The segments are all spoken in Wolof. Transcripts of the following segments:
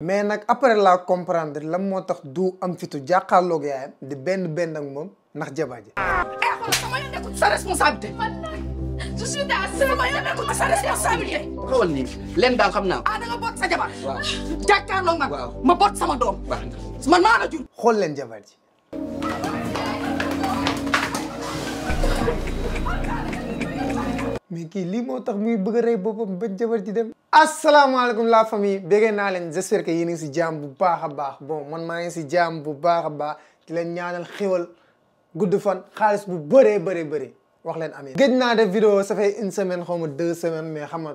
mais nag après la comprendre lan moo tax du am fitu jàkkaarloog yaayam di benn benn ak moom ndax jabar ji. Eh, sa responsabilité. je suis dans sa responsabilité. xawal nii leen daal xam naa. ah da nga boot sa jabar. waaw ma boot sama doom. man maa la jur. xool leen jabar ji. mais kii lii moo tax muy bëgg a rey boppam ba jabar ji dem asalaamaaleykum la famille béggee naa leen j'espère que yéen ngi si jaam bu baax a baax bon man maa ngi si jaam bu baax a baax di leen ñaanal xéwal gudd fan xaalis bu bëree bëree bëri wax leen amee géej naa def vidéo ça fait une semaine xaw ma deux semaines mais xam nga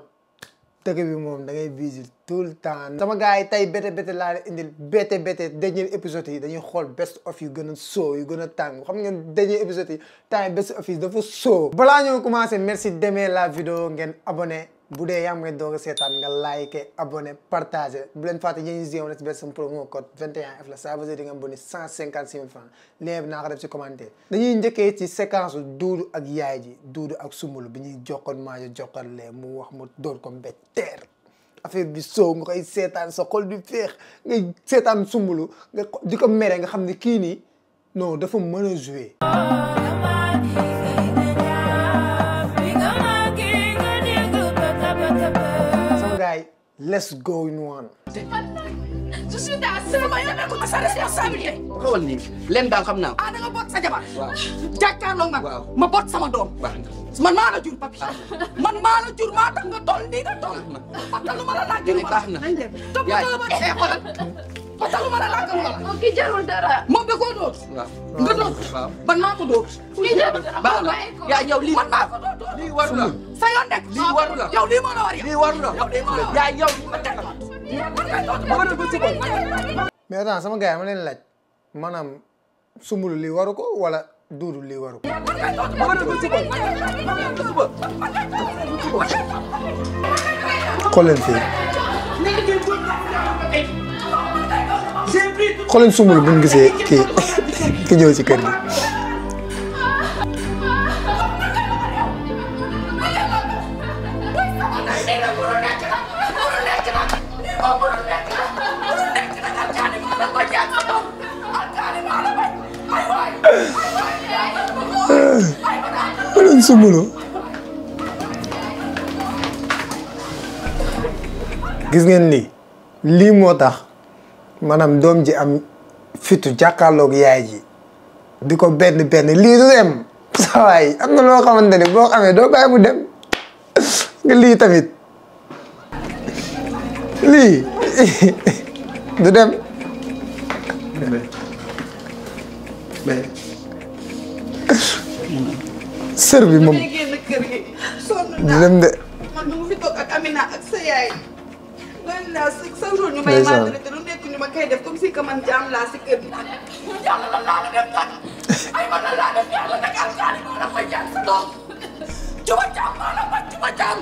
dëkk moom da ngay visite tout le temps. sama gars yi tey bete laa laa indil bete bete dernier épisode yi dañuy xool best of yu gën a soo yu gën a tàng xam ngeen dernier épisode temps best of yi dafa soo. balaa ñoo commencé merci deme la video ngeen abone bu dee yaa ngi may doog a seetaan nga like abonné partagé bu leen fàtte yéen ñu si yéen si benn sama promo code 21F la ça nga bëri 156 000 francs lien bi naa njëkkee ci séquence duudu ak yaay ji duudu ak sumbulu bi ñuy jokkoon maajo jokkoon lee mu wax mu dóor ko mbéj teer affaire bi soow nga koy seetaan sa xol bi féex nga seetaan sumbulu nga di ko mere nga xam ne kii nii non dafa mën a Let's go in one. Je suis dans sama yoon nekkul ma sa responsabilité. xawal nii leen daal xam naa. ah da nga boot sa jabar. waaw jàkkaarloo ma. waaw ma boot man man maa la jur maa tax nga toll nii nga toll. fàttalu ma la laaj jur ma la. baax ba tax ma ne laa gëm la. ki jarul dara. moom da koo dóor. nga dóor man maa ko dóor. ki jarul dara baax na yaa yow lii man maa ko dóor. lii waru la sa yoon nekk. lii waru la yow lii moo la war yow. lii waru la yaa yow ma teg ko. mais attends sama gars yi ma leen laaj maanaam sumbulu lii waru ko wala. duudu lii waru ko. xool leen fii. xoolal sumul buñu gisé ki ki ñëw ci kër bi xoolal gis ngeen ni li motax maanaam doom ji am fitu jàkkaarloog yaay ji di ko benn benn lii du dem saa am na loo xamante ne boo amee doo bàyyi mu tamit lii du dem. sër bi du dem de. ñu ma koy def comme si que man jaam laa si kër gi. yàlla lan laa la def tànn ay man lan laa def yàlla nag alkaani moo la may jàng sa doom juba jaam maa la bañ juba jaam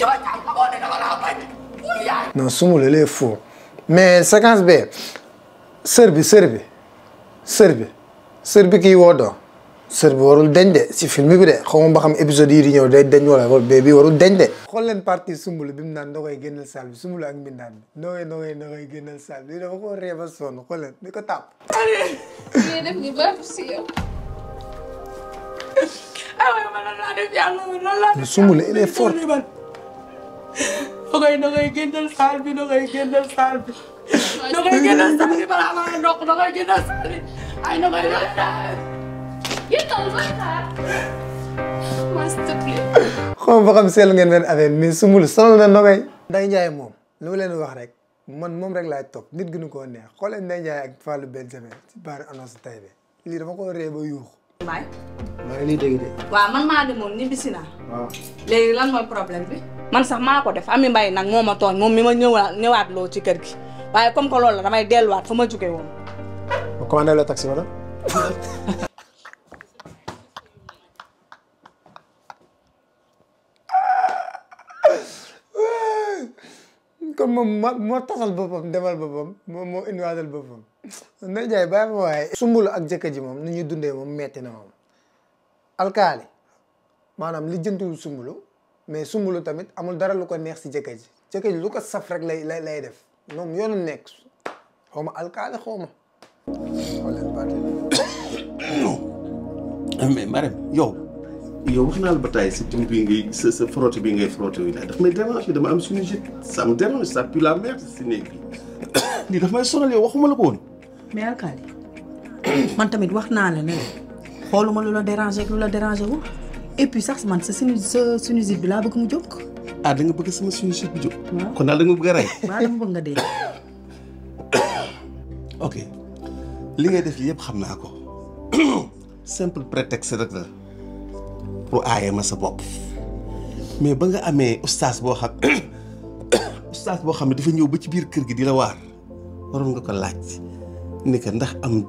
juba jaam xamoo ne dama laa bañ wul yaay. non sumu la lee foo mais séquence bi sër bi sër bi sër bi sër bi kii woo doom. sër bi warul dende, de si film bi de xaw ma ba xam épisode yi di ñëw day deñ wala bébé bi warul deñ de. xool leen partie Soumboulou bi mu naan noo koy génnal saal bi Soumboulou ak mbindaan bi noo koy noo koy noo koy génnal saal bi dafa ko réew a sonn xool leen di ko tàpp. yéen def ñu baax si yow. ah oui man loolu def yàlla loolu laa def. il est fort. noo koy noo koy génnal saal bi noo koy génnal saal bi. noo koy génnal saal bi balaa maa ndox ay noo koy génnal saal xaw ma xam seetlu ngeen benn affaire mais su mul sonal na nogay. Ndeye Ndiaye moom lu ma leen wax rek man moom rek laay topp nit gënu koo neex xoolee Ndeye Ndiaye ak Fallou Benjamin ci baari annonce tay bi lii dama ko ree ba yuux. Mbaye. maa ngi lay dégg de. waaw man maa demoon naa. waaw lan mooy problème bi. man sax maa ko def Ami bay nag moom ma tooñ moom mi ma ñëwaat ñëwaat loo ci kër gi waaye comme que loolu la damay delluwaat fa ma jógee woon. commandé la taxi wala. kon moom moo moo tasal boppam demal boppam moom moo indiwaatal boppam Ndeye Ndiaye bàyyi ma waaye sumbulu ak jëkkër ji moom ni ñuy dundee moom metti na moom alkaali maanaam li jëntuwul sumbulu mais sumbulu tamit amul dara lu ko neex si jëkkër ji jëkkër lu ko saf rek lay lay def moom yoonu nekk xaw ma alkaali xaw ma mais Marème yow yow wax naa la ba tey sa bi ngay sa sa frotté bi ngay frotté wu daf may dérange dama am suñu jit ça me dérange ça pue la merde si néeg bi lii daf may sonal yow waxuma la ko woon mais alkaali man tamit wax naa la ne xooluma lu la déranger ak lu la déranger wu et puis sax man sa sunu sa sinusite bi laa bëgg mu jóg ah da nga bëgg sama sinusite bi jóg kon daal da nga bëgg a rey waaw dama bëgg nga dee ok li ngay def yëpp xam naa ko simple prétexte rek la pour aaye ma sa bop mais ba nga bohak oustaz bo xam oustaz bo xam dafa ñew ba ci biir kër gi di la waar nga ko laaj ni ka ndax am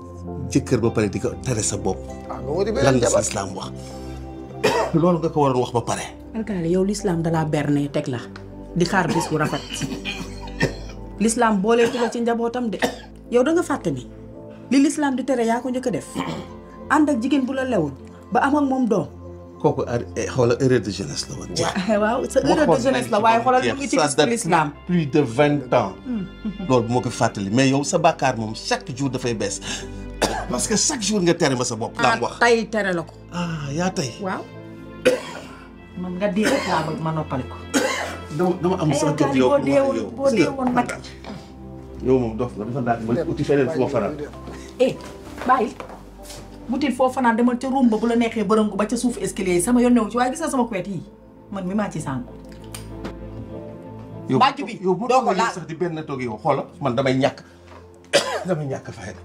jëkkër ba paré diko téré sa bop ah, lan islam wax loolu nga ko waron wax ba paré alkaale yow l'islam la berné tek la di xaar bis bu rafet l'islam booleetu la ci njabotam de yow da nga faté ni li l'islam di téré ya ko ñëk def and ak jigen bu la lewul ba am ak mom doom kooku xoolal erreur de jeunesse la woon. waaw waaw sa erreur de jeunesse la waaye xoolal lu utilise l'islam plus de vingt ans. Mm. loolu bu ma ko fàttali mais yow sa bàkkaar moom chaque jour dafay bees parce que chaque jour nga tere ma sa bopp. daan ah, wax tay tere la ko. ah yaa tay waaw. man nga dee rek laa ma noppali ko. dama dama am sax jot yow boo deewoon boo deewoon nag. yow moom dof nga dafa daal ma uti feneen fu ma faral. eh bàyyi. butit foo fanaan demal ca rumba bu la neexee bërëngu ba ca suuf escalier yi sama yoon newu ci waaye gis na sama kuweet yi man mi maa ci sànku. bàcc bi yow bu doon sax di benn toog yow xoola man damay ñàkk damay ñàkk fayda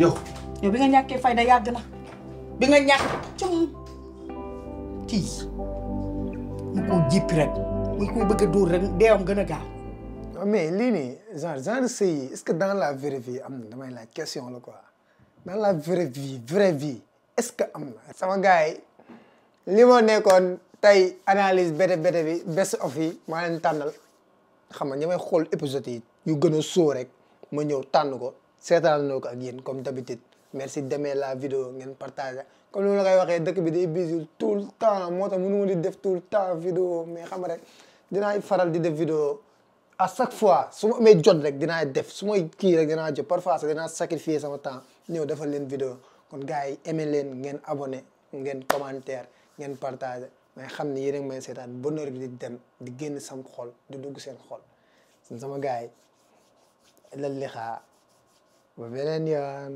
yow. yow bi nga ñàkkee fayda yàgg na bi nga ñàkk cum kii mu ko jippi rek mu koy bëgg a dóor rek deewam gën a gaaw. mais lii nii genre genre sëy yi est que dans la vérité am na damay laa question la quoi. dans la vraie vie vraie vie est-ce que am sama gars yi moo nekkoon tey analyse bete bete bi best of yi maa leen tànnal xam nga ñi may xool épisode yi yu gën a sóo rek ma ñëw tànn ko seetaan noo ko ak yéen comme d'habitude merci demee la vidéo ngeen partager comme ni ma la koy waxee dëkk bi di bisu tout le moo tax mënu ma di def tout le temps vidéo mais xam rek dinaa faral di def vidéo à chaque fois su ma amee jot rek dinaa def su may kii rek dinaa jot parfois sax dinaa sacrifier sama temps ñëw defal leen vidéo kon gars yi aimé leen ngeen abonné ngeen commentaire ngeen partagé mais xam ni yéen may seetaan bonheur bi di dem di génn sam xol di dugg seen xol sama gaa yi lal li xaa ba beneen yoon